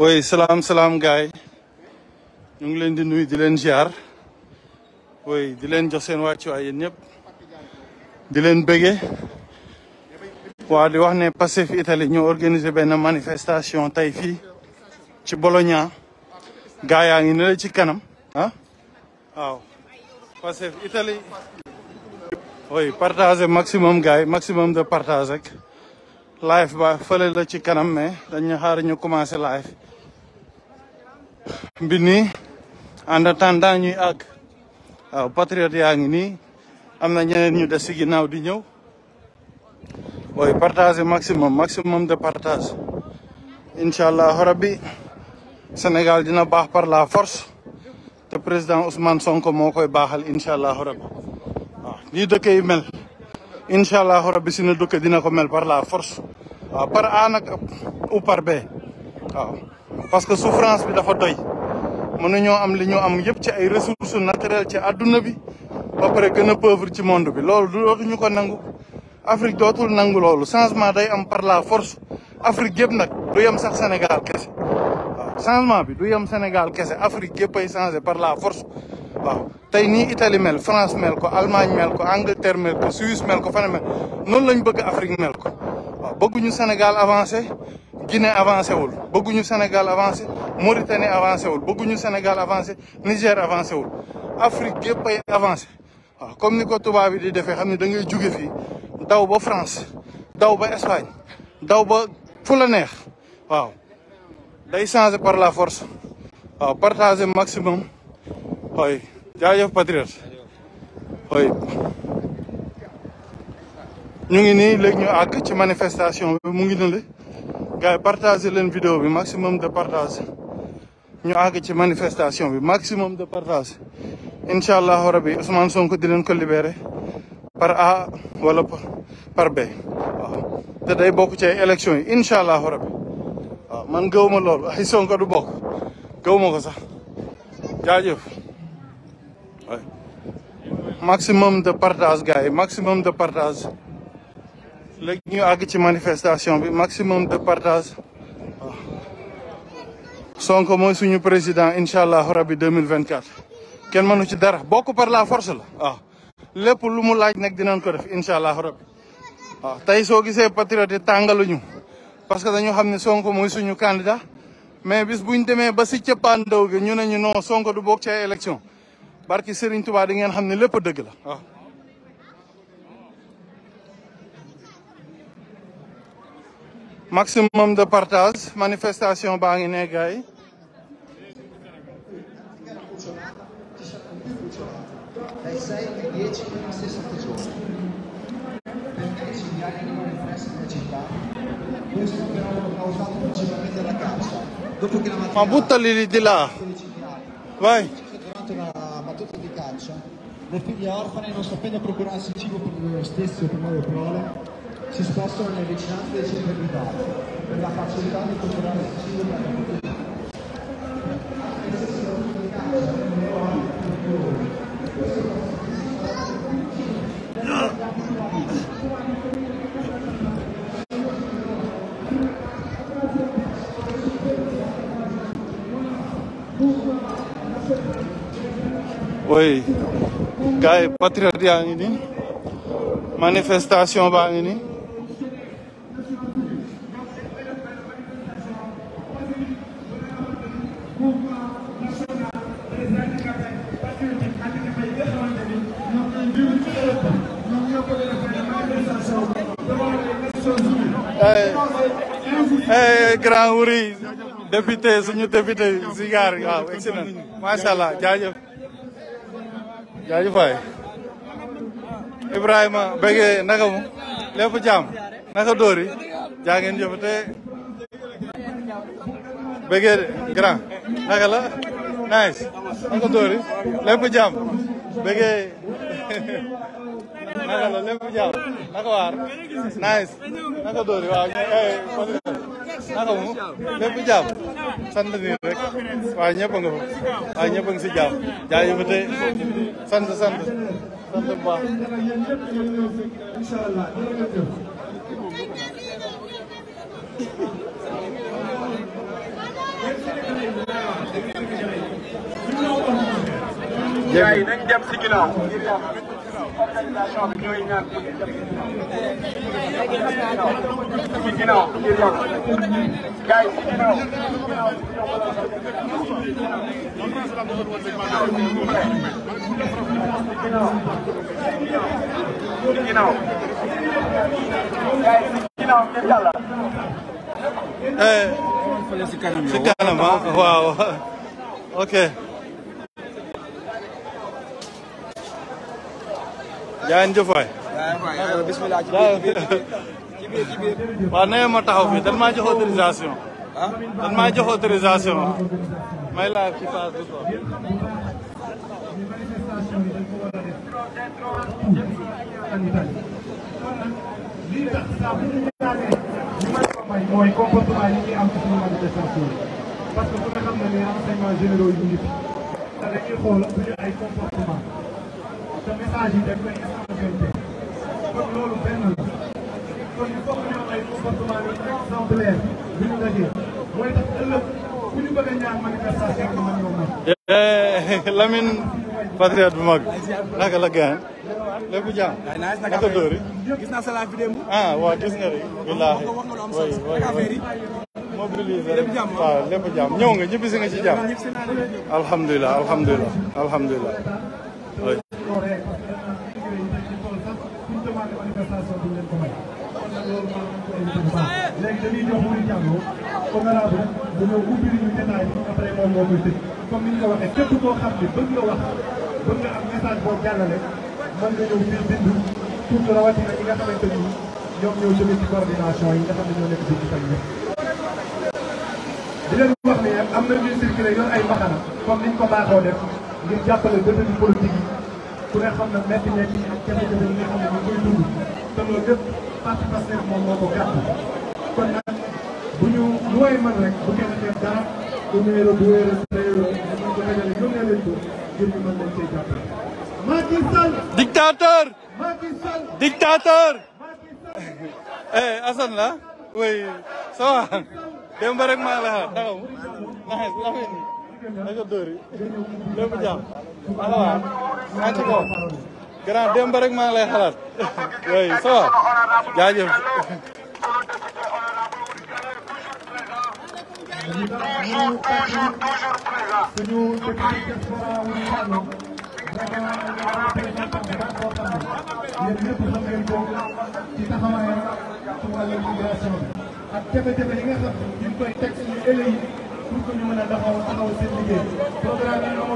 oui salaam salaam gaay ñu ngi leen di nuyu di leen ziar oui di leen jox seen waa yéen ñëpp di leen bëggee waa di wax ne Pastef Italie ñoo organiser benn manifestation tey fii ci Bologna gaay yaa ngi ne la ci kanam ah waaw Pastef Italie oui partager maximum gaay maximum de partage rek live ba fële la ci kanam me dañu xaara ñu commencé live bi nii en attendant ñuy àgg waaw patriote yaa ngi nii am na ñeneen ñu des si ginnaaw di ñëw booy partager maximum maximum de partage incha allahu rabbi Sénégal dina baax par la force te président Ousmane Sonko moo koy baaxal incha allahu rabbi waaw nii dëkk mel incha allahu rabbi suñu dëkk dina ko mel par la force waaw par A nag ou par B waaw parce que souffrance bi dafa doy mënuñoo am li ñu am yëpp ci ay ressources naturelles ci àdduna bi ba pare gën a ci monde bi loolu dootuñu ko nangu Afrique dootul nangu loolu changement day am par la force Afrique gépp nag du yem sax Sénégal kese waaw changement bi du yem Sénégal kese Afrique yëpp ay changé par la force Aujourd'hui, l'Italie, la France mel Allemagne Angleterre mel Suisse mel fane mel Sénégal avance, Guinée avance. beaucoup du Sénégal avancé Mauritanie nous Niger avance Afrique comme nous ko France Espagne la changer par la force partage partager maximum Hoi. jaajëf patriote hoi ñu ngi nii léegi ñu àgg ci manifestation mu ngi ne la gars leen vidéo bi maximum de partage ñu àgg ci manifestation bi maximum de partage incha allahu rabi Ousmane Sonko di leen ko libéré par A wala par B waaw te day bokk ci ay yi incha allahu rabi man gëw ma loolu ay Sonko du bokk gëw ko sax jaajëf. maximum de partage gars yi maximum de partage léegi ñu àgg ci manifestation bi maximum de partage waaw Sonko mooy suñu président incha allahu rabi 2024 kenn mënu ci dara bokk par la force la waaw ah, lépp lu mu laaj nag dinañ ko def incha allahu rabi waaw ah, tey soo gisee patriote yi tàngaluñu parce que dañu xam ne Sonko mooy suñu kandida mais bis ñu demee ba si cëppaandaw gi ñu ne ñu noo Sonko du bokk ci ay barki Serigne Touba di ngeen xam ne lépp la ah. maximum de partage manifestation baa ne gaay ma buttali lì di là vai Francia, le figlie orfane non sapendo procurarsi cibo per loro stessi o per loro prole, si spostano nelle vicinanze dei centri abitati per la facilità di procurare cibo per la comunità. oui gars yi yaa ngi nii manifestation baa ngi nii eh, eh, eh, grand wuri député suñu député Zigar waaw excellent macha allah jaajëf jaajëf waay Ibrahima bëggee naka mu lépp jàmm naka dóor jaa ngeen jëf te bëggee naka la nice naka dóor yi lépp jàmm naka la lépp jàmm naka waar nice naka dóor yi waaw không nakamu lépp jàmm sant nii rek waaye ñëpp a nga fa waaye ñëpp a ngi si jàmm jaajëfate sant sant sant bu baax jërëjëf nañ dem si ginnaaw organisation bi ñooy waaw ok Jangan jumpa. Bismillah. Bana yang matah hobi. Dan maju autorisasi. Dan maju autorisasi. Mailah kita tuh. mooy comportement yi ñuy am ci suñu manifestation parce que ku ne xam na ne renseignements généraux yi ñu ngi fi te dañuy xool suñu ay comportement te message yi dañ koy eh, mag naka la gën lépp jàmm naka la vidéo ah waaw gis nga rek billaahi way way mobiliser rek waaw lépp jàmm ñëw nga ñibbisi nga ci jàmm alhamdulilah alhamdulilah alhamdulilah prestation bi ñu leen a may. kon nag loolu maa ngi koy invité bu baax léegi dañuy jox Mouride moom moo koy tëj comme ni ñu waxee képp koo xam ne bëgg nga wax bëgg nga am yi nga xam ne ñoo nekk fii na ñuy circulé ay mbaxana comme niñ ko baaxoo def ngir jàppale détenu politique yi ku ne xam na métti métti ak jafe-jafe yi nga xam ne ñu koy dund. te loolu lépp parti Pastef moom moo ko gàttal. kon nag bu ñu lu way mën rek bu kenn def dara bu numéro bu wéer a réeroo dañu ko dajale yónnee leen ko ngir ñu mën leen cee jàppale. Macky Sall. dictateur. Macky Sall. dictateur. Macky Sall. eh Assane la. oui ça va. démb rek maa la xaar taxaw. naxee si affaire yi. naka dóor yi. lépp jàmm. alors waaw. maa ngi ci kaw. grand démb rek maa lay xalaat oui ça va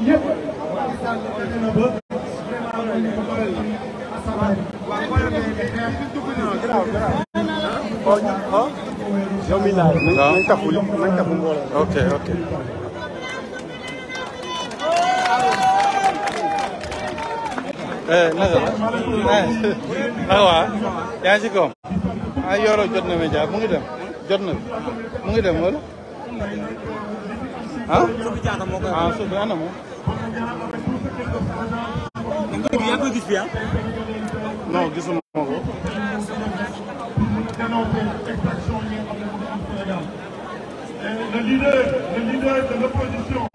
a taxaw yow mi laaj nañ taxul nañ taxul mbooloo ok ok eh naka naka waa yaa ngi si koom ah yoro jot na ma jaar mu ngi dem jot na mu ngi dem wala ah ah suuf bi ana moom koy gis fii ah. non gisuma ko. le leader le leader de l'opposition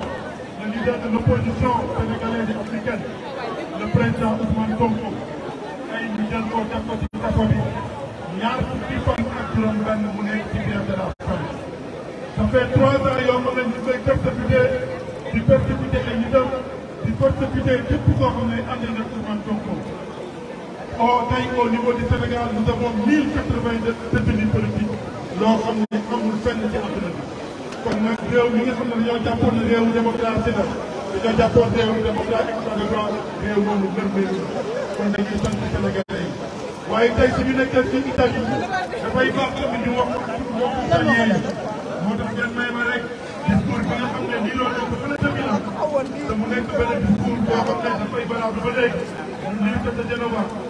au tey au niveau du Sénégal nous avons mille quatre-vingt-deux détenus loo xam ne amul fenn ci àdduna bi kon nag réew mi nga xam ne dañoo jàppoon ne réewu démocratie la dañoo jàppoon réewu démocratie de droit réew moomu gën réew kon dañuy sant Sénégalais yi waaye tey suñu nekkee ci États-Unis dafay baax tamit ñu wax mbokku italien yi a tëbila te mu nekk a jënd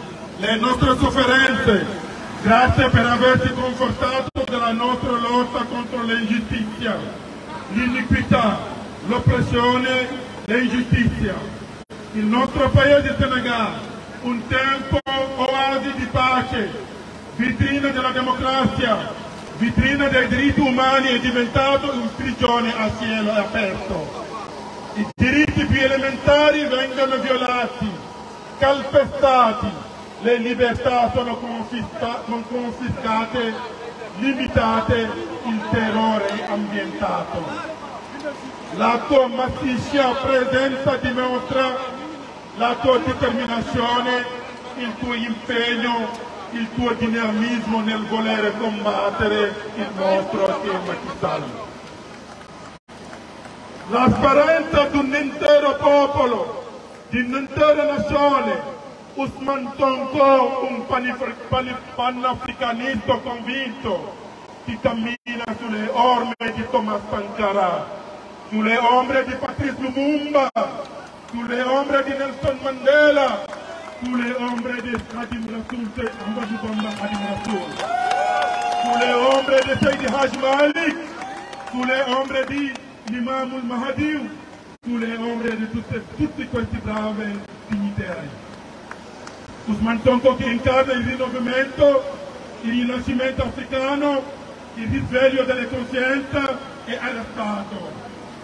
le nostre sofferenze. Grazie per averci confortato della nostra lotta contro l'ingiustizia, l'iniquità, l'oppressione, l'ingiustizia. Il nostro paese Senegal, un tempo oasi di pace, vitrina della democrazia, vitrina dei diritti umani, è diventato un prigione a cielo aperto. I diritti più elementari vengono violati, calpestati, le libertà sono confiscate, limitate il terrore ambientato. La tua massiccia presenza dimostra la tua determinazione, il tuo impegno, il tuo dinamismo nel volere combattere il nostro tema Pakistan. La speranza di un intero popolo, di un'intera nazione, Ousmane Tonko, un convaincu convinto, camine sur les ormes de Thomas Sankara, les ombres de Patrice Lumumba, les ombres de Nelson Mandela, les ombres de de Sadim Amadou sur les hommes de ombre Seydi Haj Malik, les ombres de l'imam sur les ombres de toutes tutti questi bravi dignitaires. Usman Tonko che incarna il rinnovamento, il rinascimento africano, il risveglio delle coscienze e allo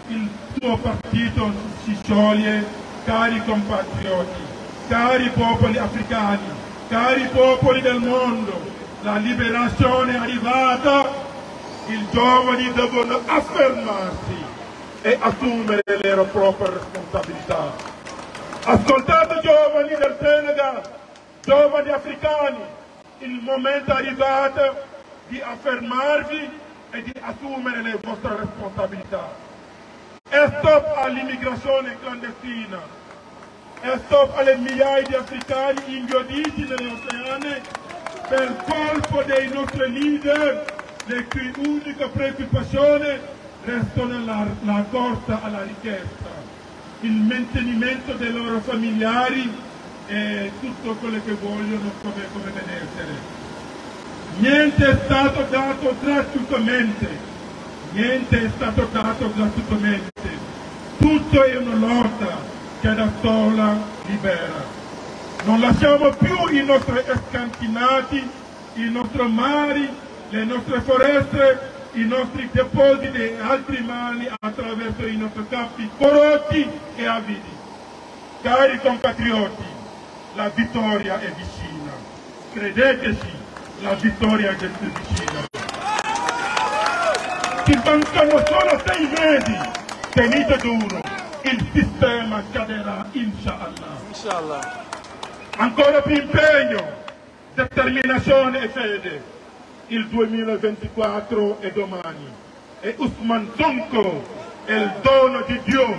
Il suo partito si scioglie, cari compatrioti, cari popoli africani, cari popoli del mondo, la liberazione è arrivata, i giovani devono affermarsi e assumere le loro proprie responsabilità. Ascoltate giovani del Senegal, giovani africani, il momento è arrivato di affermarvi e di assumere le vostre responsabilità. E stop all'immigrazione clandestina, e stop alle migliaia di africani inghiottiti nelle oceane per colpo dei nostri leader, le cui unica preoccupazione restano la, la corsa alla richiesta, il mantenimento dei loro familiari e tutto quello che vogliono come, come benessere. Niente è stato dato gratuitamente, niente è stato dato gratuitamente. Tutto è una lotta che da sola libera. Non lasciamo più i nostri scantinati, i nostri mari, le nostre foreste, i nostri depositi e altri mali attraverso i nostri campi corrotti e avidi. Cari compatrioti, la vittoria è vicina. Credeteci, la vittoria è vicina. Ci mancano solo sei mesi, tenete duro, il sistema caderà, inshallah. inshallah. Ancora più impegno, determinazione e fede. Il 2024 è domani. E Usman Zonko è il dono di Dio,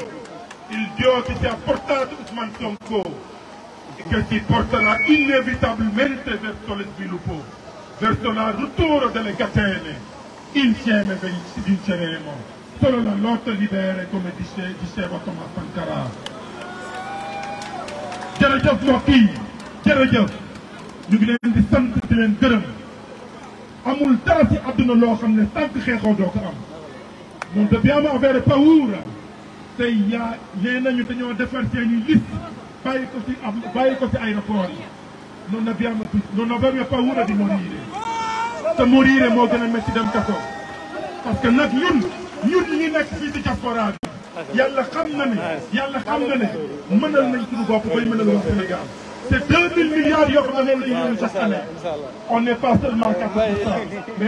il Dio che ci ha portato Usman Zonko che ci porterà inevitabilmente verso lo sviluppo, verso la rottura delle catene. Insieme vinceremo. Solo la lotta libera, come dice, diceva Thomas Sankara. jërëjëf mbokk yi jërëjëf di sant di leen amul dara ci àdduna loo xam ne tànk avere paura tey yaa nee nañu dañoo defar seeni liste bàyyi ko ci am bàyyi ko ci aéroport yi non abbiamo non abbiamo paura di morire te morire moo gën a métti dem kaso parce que nag ñun ñun ñi nekk fii ci diaspora bi xam na ne yàlla xam na ne mënal nañ suñu bopp bay mënal wax Sénégal c'est deux mille milliards yoo xam ne moom la ñu yónni chaque année on n'est pas seulement 4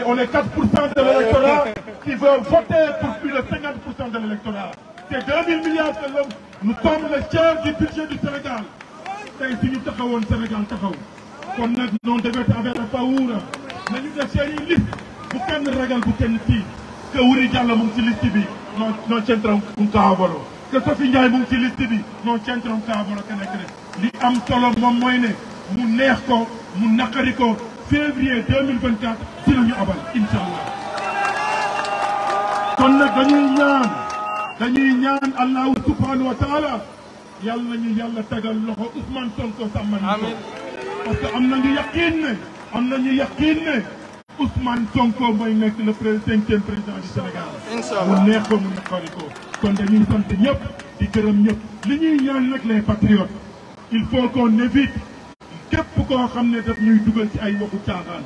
on est 4 pour cent de l'électorat qui veut voter pour cent de l'électorat te 2000 milliards de l'homme nous sommes le tiers du budget du Sénégal tey suñu taxawoon Sénégal taxaw kon nag te débet affaire Fawura nañu def seen i liste bu kenn ragal bu kenn tiit que Wuri Diallo mu ngi ci liste bi non non centre un kaabolo que Sophie Ndiaye mu ngi ci liste bi non centre un kaabolo que li am solo moom mu neex ko mu naqari ko février 2024 ci la ñu abal incha allah kon nag dañuy dañuy ñaan allahu subhanahu wa taala yàlla nañu yàlla tegal loxo Ousmane Sonko sàmmal amiin parce que am nañu yaqiin ne am nañu yaqiin ne Ousmane Sonko mooy nekk le cinquième président du Sénégal mu neex ko mu naqari ko kon dañuy sant ñëpp di gërëm ñëpp li ñuy ñaan nag les patriotes il faut qu'on évite képp koo xam ne daf ñuy dugal ci ay waxu caaxaan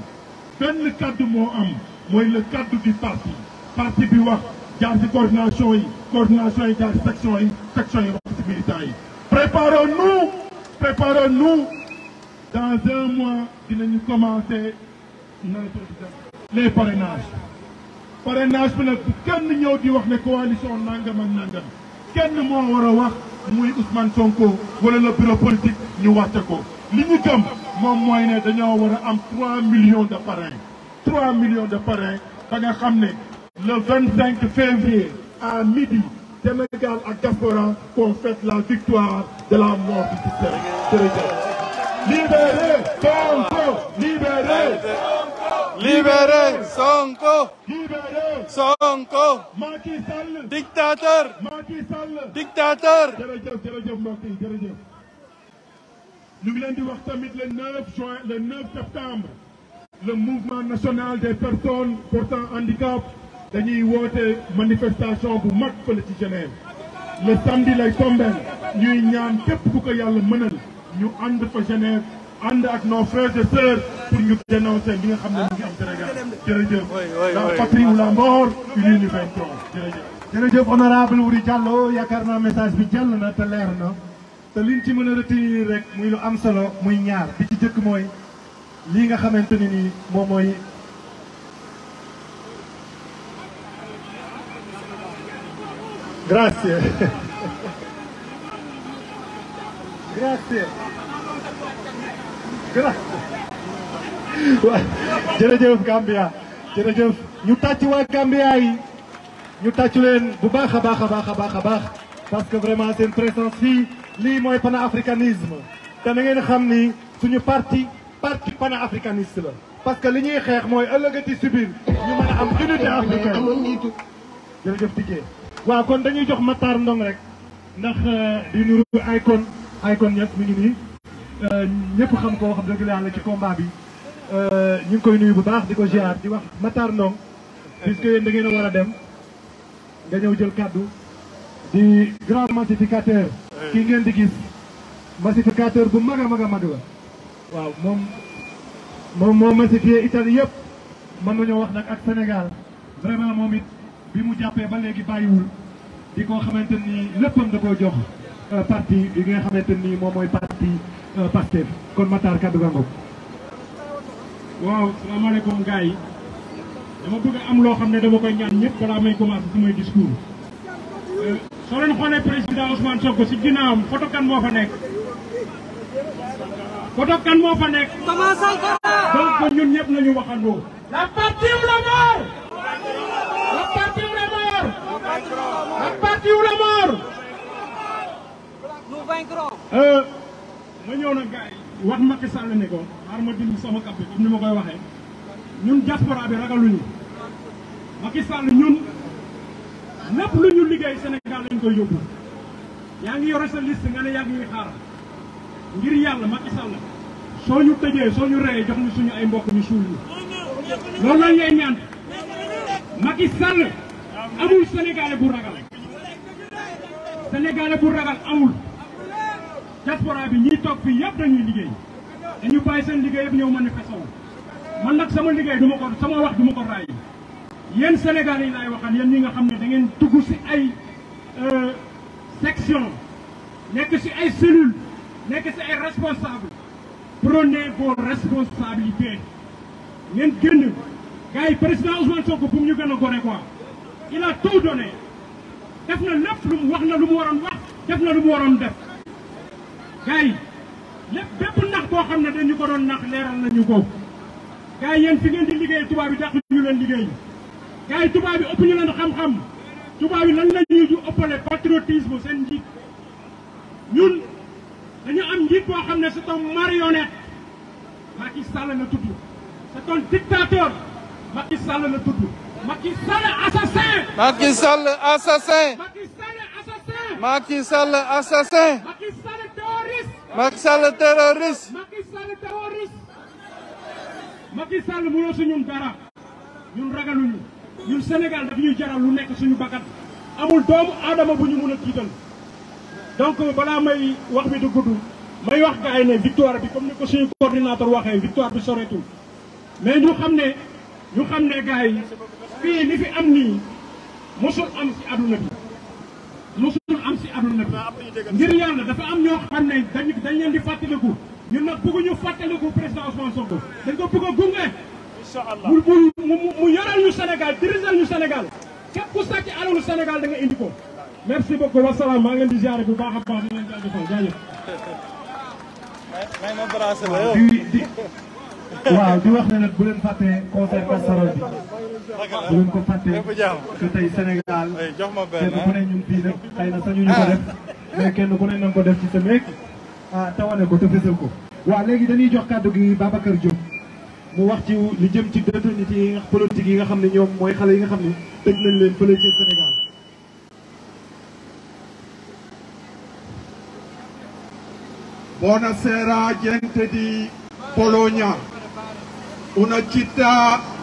benn kaddu moo am mooy le kaddu du parti parti bi wax jaar ci coordination yi coordination yi jaar ci section yi section yi wax ci militants yi préparons-nous préparons-nous dans un mois dinañu commencer les parrainages parrainage bi nag kenn ñëw di wax ne coalition nangam ak kenn moo war a wax muy Ousmane Sonko wala le bureau politique ñu wàcce ko li ñu gëm moom mooy ne dañoo war a am 3 millions de parrains 3 millions de parrains ba xam ne Le 25 février, à midi, Sénégal à Gaspora, qu'on fête la victoire de la mort du système. Libérez Sonko Libérez Sonko Libérez Sonko Libérez Sonko Macky Sall Dictateur Macky Sall Dictateur Nous voulons mbokk yi le 9 juin le 9 septembre le mouvement national des personnes portant handicap dañuy woote manifestation bu mag fële ci Genève le samedi lay tombeel ñuy ñaan képp ku ko yàlla mënal ñu ànd fa Genève ànd ak nos frères et sœurs pour ñu dénoncer li nga xam ne mu am Sénégal jërëjëf la patrie ou la mort une yaakaar naa message bi jàll na te leer na te liñ ci mën a retenir rek muy lu am solo muy ñaar bi ci jëkk mooy lii nga xamante ni nii moom mooy Grazie. Grazie. Grazie. jërëjëf Gambia jërëjëf ñu tàcc waa Gambia yi ñu tàcc leen bu o a baax a baax a é a baax parce que vraiment seen présence fii lii mooy panafricanisme te na ngeen xam ni suñu para parti panafricaniste la parce que li ñuy xeex mooy ëllëgati si biir ñu mën a am unité africaine jërëjëf Didier wa kon dañuy jox Matar Ndong rek ndax euh, di nuru icon Akon ñëpp mi ngi nii euh, ñepp xam ko xam dëgg yalla ci combat bi euh ñing koy nuyu bu baax di ziar di wax Matar Ndong puisque yeen da ngeen a dem nga ñew jël kaddu di grand massificateur ki ngeen di gis massificateur bu maga maga mag wa mag la waaw moom moom Italie yëpp man nañu wax nak ak senegal vraiment momit bi mu jàppee ba légui bayiwul di xamanteni leppam da ko jox euh, parti bi nga xamanteni mom moy parti euh, pasteur kon Matar kaddu nga ngok waaw salaamaaleykum alaykum gay dama bëgg am lo xamné ne dama koy ñaan ñepp balaa may commencé su discours euh, so leen xone président Ousmane Sonko ci ginaam photo kan mo fa nek photo kan mo fa Sankara donc ñun ñepp lañu waxandoo la partie ou la mort ci wu la mort. nous vaincrons. Euh, ma ñëw nag gars yi wax Macky Sall ne ko xaar ma dindi sama kàpp bi comme ni ma koy waxee ñun diaspora bi ragaluñu Macky Sall ñun lépp lu ñu liggéey Sénégal lañ koy yóbbu. yaa ngi yore sa liste nga ne yaa ngi xaar ngir yàlla Macky Sall soo ñu tëjee soo ñu reyee jox ñu suñu ay mbokk ñu suul ñu loolu la ñuy ñaan Macky Sall amul sénégalais bu ragal sénégalais bu ragal amul diaspora bi ñi toog fi yépp dañuy liggéey dañu bay seen liggéey yëpp ñëw manifesté wu man nak sama liggéey duma ko sama wax duma ko ray yeen sénégalais lay waxal yeen ñi nga xamné da ngeen dugg ci ay euh section nek ci ay cellule nek ci ay responsable prenez vos responsabilités ngeen gënd gaay président Ousmane Sonko bu ñu gëna a quoi il a tout donné def na lépp lu wax na lu mu waroon wax def na lu mu waroon def gars yi lépp nax boo xam dañu ko doon nax leeral nañu ko gars yi fi ngeen di liggéey tubaab yi dàq ñu leen liggéey ñu leen xam-xam lan patriotisme seen ñun dañu am njiit boo xam c'est un marionnette Macky Sall la tudd c'est un dictateur Macky Sall Macky Sall assassin Macky Sall assassin Macky Sall assassin Macky Sall terroriste Macky Sall terroriste Macky Sall terroriste dara ñun ñun Sénégal daf jaral lu nekk suñu bakkat amul doomu aadama bu ñu mën donc balaa may wax bi du may wax gaay ne victoire bi comme ni ko suñu coordinateur waxee victoire bi soreetul mais ñu xam ñu xam ne gars yi fii li fi am nii mosul am ci àdduna bi mosul am ci àdduna bi ngir yàlla dafa am ñoo xam ne dañ dañ leen di fàttaliku ñun nag bëgguñu fàttaliku président Ousmane Sonko dañ ko bëgg a gunge mu mu mu yoral ñu Sénégal dirisal ñu Sénégal képp ku sàcc alalu Sénégal da indi ko merci beaucoup wasalaam maa ngi leen di ziare bu baax a baax di leen jaajëfal waaw di wax ne nag bu leen fàttee concert casserole bi bu leen ko fàttee que tey Sénégal kenn ku ne ñun fii nag xëy na sañu ñu ko ah. def mais kenn ku ne nañ ko def ci sa néeg ah, te tawane ko te fësal ko. waaw léegi dañuy jox kàddu gi Babacar Diop mu wax ci li jëm ci détenus yi politique yi nga xam ne ñoom mooy xale yi nga xam ne tëj nañ leen fële ci Sénégal. Buonasera gente di Bologna. una chita...